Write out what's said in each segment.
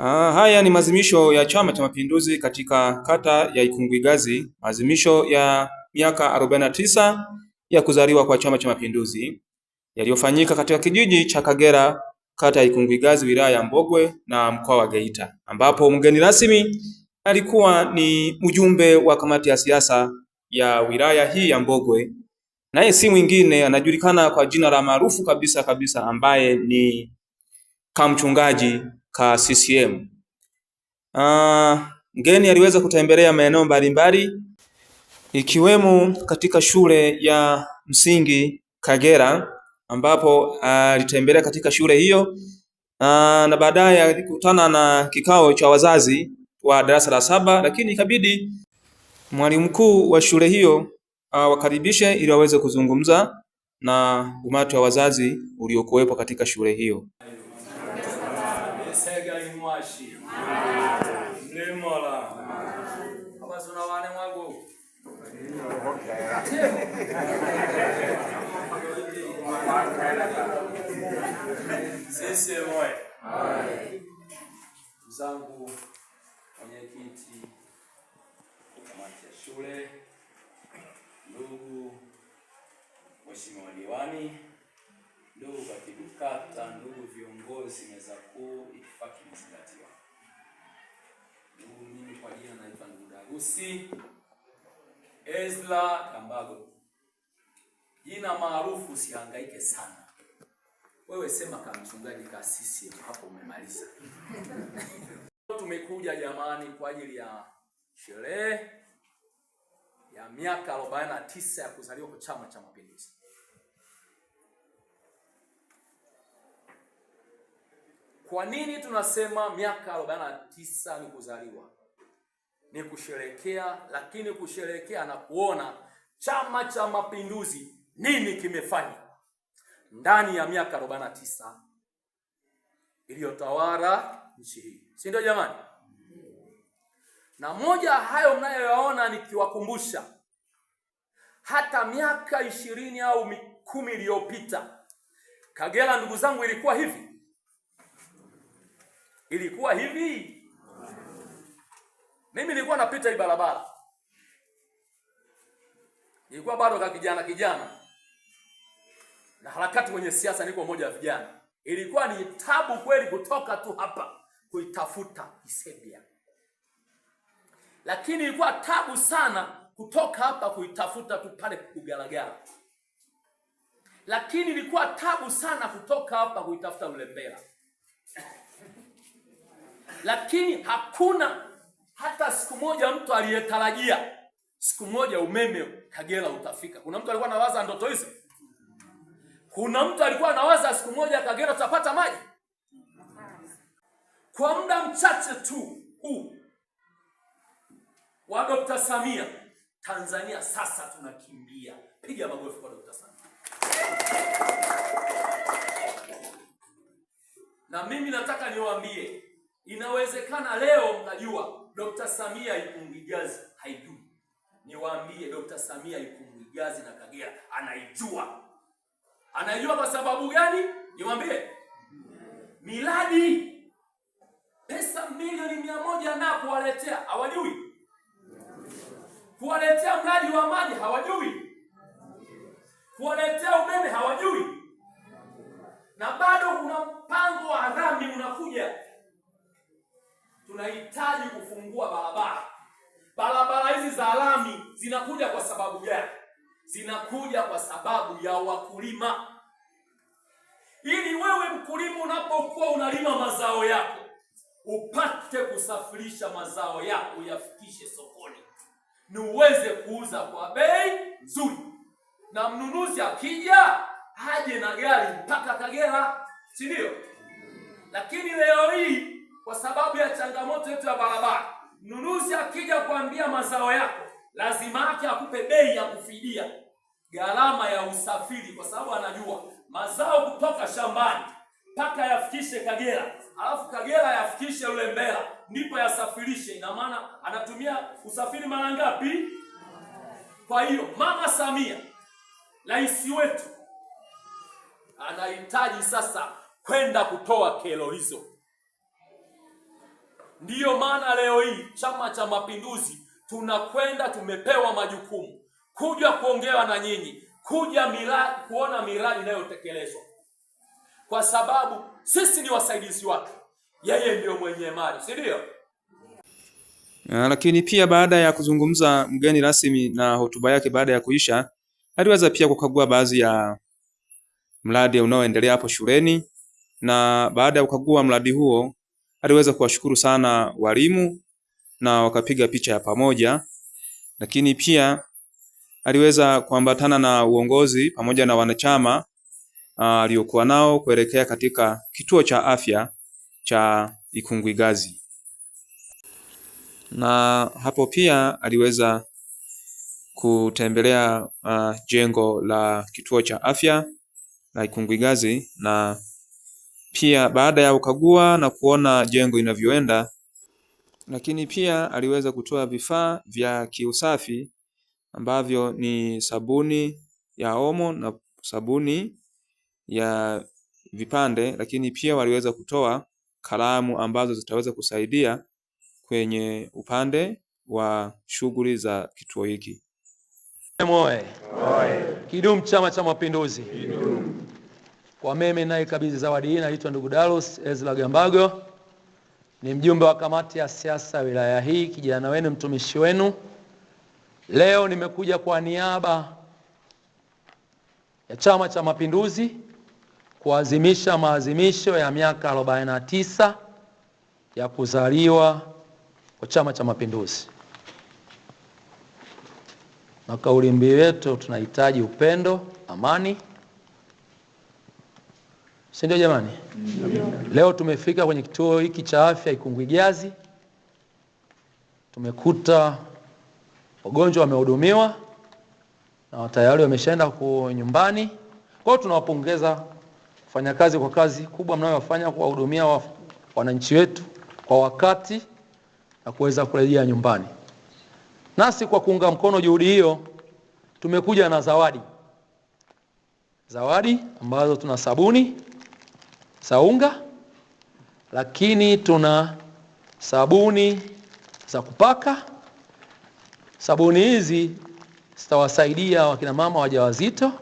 Ah, haya ni maadhimisho ya Chama cha Mapinduzi katika kata ya Ikunguigazi, maadhimisho ya miaka 49 ya kuzaliwa kwa Chama cha Mapinduzi yaliyofanyika katika kijiji cha Kagera, kata ya Ikunguigazi, wilaya ya Mbogwe na mkoa wa Geita, ambapo mgeni rasmi alikuwa ni mjumbe wa kamati ya siasa ya wilaya hii ya Mbogwe, naye si mwingine anajulikana kwa jina la maarufu kabisa kabisa ambaye ni kamchungaji ka CCM. Uh, ah, mgeni aliweza kutembelea maeneo mbalimbali ikiwemo katika shule ya msingi Kagera ambapo alitembelea uh, katika shule hiyo uh, na baadaye alikutana na kikao cha wazazi wa darasa la saba, lakini ikabidi mwalimu mkuu wa shule hiyo uh, wakaribishe ili waweze kuzungumza na umati wa wazazi uliokuwepo katika shule hiyo mwashi mlimola abazuna wane mwagu sisi moye zangu mwenyekiti kamati ya shule, ndugu mheshimiwa diwani ndugu katibu kata, ndugu viongozi meza kuu, itifaki imezingatiwa. Ndugu, mimi kwa jina naitwa ndugu Darusi Ezra Kambago, jina maarufu. Usihangaike sana wewe, sema kama mchungaji kasisi hapo, umemaliza tumekuja jamani, kwa ajili ya sherehe ya miaka 49 ya kuzaliwa kwa Chama cha Mapinduzi. Kwa nini tunasema miaka 49 tisa ni kuzaliwa? Ni kusherekea, lakini kusherekea na kuona Chama cha Mapinduzi nini kimefanya ndani ya miaka 49 iliyotawala nchi hii, si ndio jamani? Na moja hayo mnayoyaona, nikiwakumbusha hata miaka ishirini au kumi iliyopita Kagera, ndugu zangu, ilikuwa hivi ilikuwa hivi. Mimi nilikuwa napita hii barabara, nilikuwa bado ka kijana kijana na harakati kwenye siasa, niko moja ya vijana. Ilikuwa ni tabu kweli kutoka tu hapa kuitafuta Isebia, lakini ilikuwa tabu sana kutoka hapa kuitafuta tu pale Kugalagala, lakini ilikuwa tabu sana kutoka hapa kuitafuta Ulembela lakini hakuna hata siku moja mtu aliyetarajia siku moja umeme Kagera utafika. Kuna mtu alikuwa anawaza ndoto hizi? Kuna mtu alikuwa anawaza siku moja Kagera tutapata maji? Kwa muda mchache tu huu wa Dr. Samia, Tanzania sasa tunakimbia. Piga magofu kwa Dr. Samia. Na mimi nataka niwaambie Inawezekana leo mnajua Dr. Samia ipungi gazi haijui. Niwaambie Dr. Samia ipungi gazi na Kagera anaijua. Anaijua kwa sababu gani? Niwaambie. Miradi pesa milioni mia moja na kuwaletea hawajui. Kuwaletea mradi wa maji hawajui. Kuwaletea umeme hawajui. Na bado kuna mpango wa rami unakuja tunahitaji kufungua barabara. Barabara hizi za lami zinakuja kwa sababu gani? Zinakuja kwa sababu ya wakulima, ili wewe mkulima unapokuwa unalima mazao yako upate kusafirisha mazao yako uyafikishe sokoni, ni uweze kuuza kwa bei nzuri, na mnunuzi akija aje na gari mpaka Kagera, si ndio? Lakini leo hii kwa sababu ya changamoto yetu ya barabara. Mnunuzi akija kuambia mazao yako, lazima yake akupe bei ya kufidia gharama ya usafiri, kwa sababu anajua mazao kutoka shambani mpaka yafikishe Kagera, alafu Kagera yafikishe mbela ndipo yasafirishe. Ina maana anatumia usafiri mara ngapi? Kwa hiyo Mama Samia rais wetu anahitaji sasa kwenda kutoa kero hizo. Ndiyo maana leo hii Chama cha Mapinduzi tunakwenda tumepewa majukumu kuja kuongea na nyinyi, kuja mira, kuona miradi inayotekelezwa, kwa sababu sisi ni wasaidizi wake, yeye ndiyo mwenye mali, si ndio? Ah, lakini pia baada ya kuzungumza mgeni rasmi na hotuba yake baada ya kuisha, aliweza pia kukagua baadhi ya mradi unaoendelea hapo shuleni, na baada ya kukagua mradi huo aliweza kuwashukuru sana walimu na wakapiga picha ya pamoja, lakini pia aliweza kuambatana na uongozi pamoja na wanachama ah, aliokuwa nao kuelekea katika kituo cha afya cha Ikunguigazi, na hapo pia aliweza kutembelea uh, jengo la kituo cha afya la Ikunguigazi na pia baada ya kukagua na kuona jengo inavyoenda, lakini pia aliweza kutoa vifaa vya kiusafi ambavyo ni sabuni ya omo na sabuni ya vipande, lakini pia waliweza kutoa kalamu ambazo zitaweza kusaidia kwenye upande wa shughuli za kituo hiki. Oye! Kidumu Chama cha Mapinduzi! Kwa meme naye kabidhi zawadi hii naitwa ndugu Dalos Ezra Gambago, ni mjumbe wa kamati ya siasa wilaya hii, kijana wenu, mtumishi wenu. Leo nimekuja kwa niaba ya Chama cha Mapinduzi kuazimisha maazimisho ya miaka 49 ya kuzaliwa kwa Chama cha Mapinduzi, na kauli mbiu yetu tunahitaji upendo, amani si ndio jamani? Leo tumefika kwenye kituo hiki cha afya ikungwigazi tumekuta wagonjwa wamehudumiwa na tayari wameshaenda ku nyumbani. Kwa hiyo tunawapongeza wafanyakazi kwa kazi kubwa mnayofanya kuwahudumia wananchi wetu kwa wakati na kuweza kurejea nyumbani. Nasi kwa kuunga mkono juhudi hiyo tumekuja na zawadi zawadi ambazo tuna sabuni za unga, lakini tuna sabuni za kupaka. Sabuni hizi zitawasaidia wakina mama wajawazito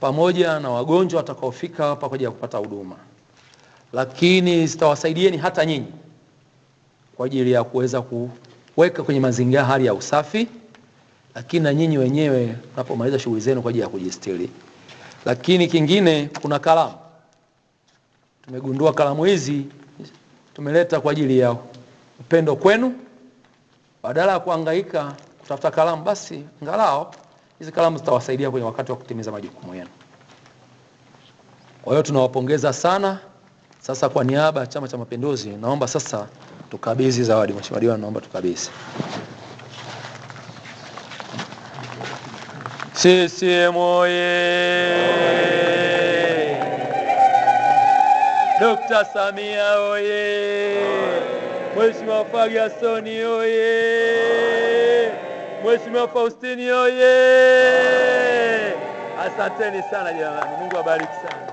pamoja na wagonjwa watakaofika hapa kwa ajili ya kupata huduma, lakini zitawasaidieni hata nyinyi kwa ajili ya kuweza kuweka kwenye mazingira hali ya usafi, lakini na nyinyi wenyewe unapomaliza shughuli zenu kwa ajili ya kujistiri. Lakini kingine kuna kalamu Tumegundua kalamu hizi tumeleta kwa ajili ya upendo kwenu, badala ya kuhangaika kutafuta kalamu, basi ngalao hizi kalamu zitawasaidia kwenye wakati wa kutimiza majukumu yenu. Kwa hiyo tunawapongeza sana. Sasa kwa niaba ya Chama cha Mapinduzi, naomba sasa tukabidhi zawadi. Mheshimiwa Diwani, naomba tukabidhi. sisiemu oye! Dokta Samia oye! Mheshimiwa Fagasoni oye! Mheshimiwa Faustini oye! Asanteni sana jamani, Mungu abariki sana.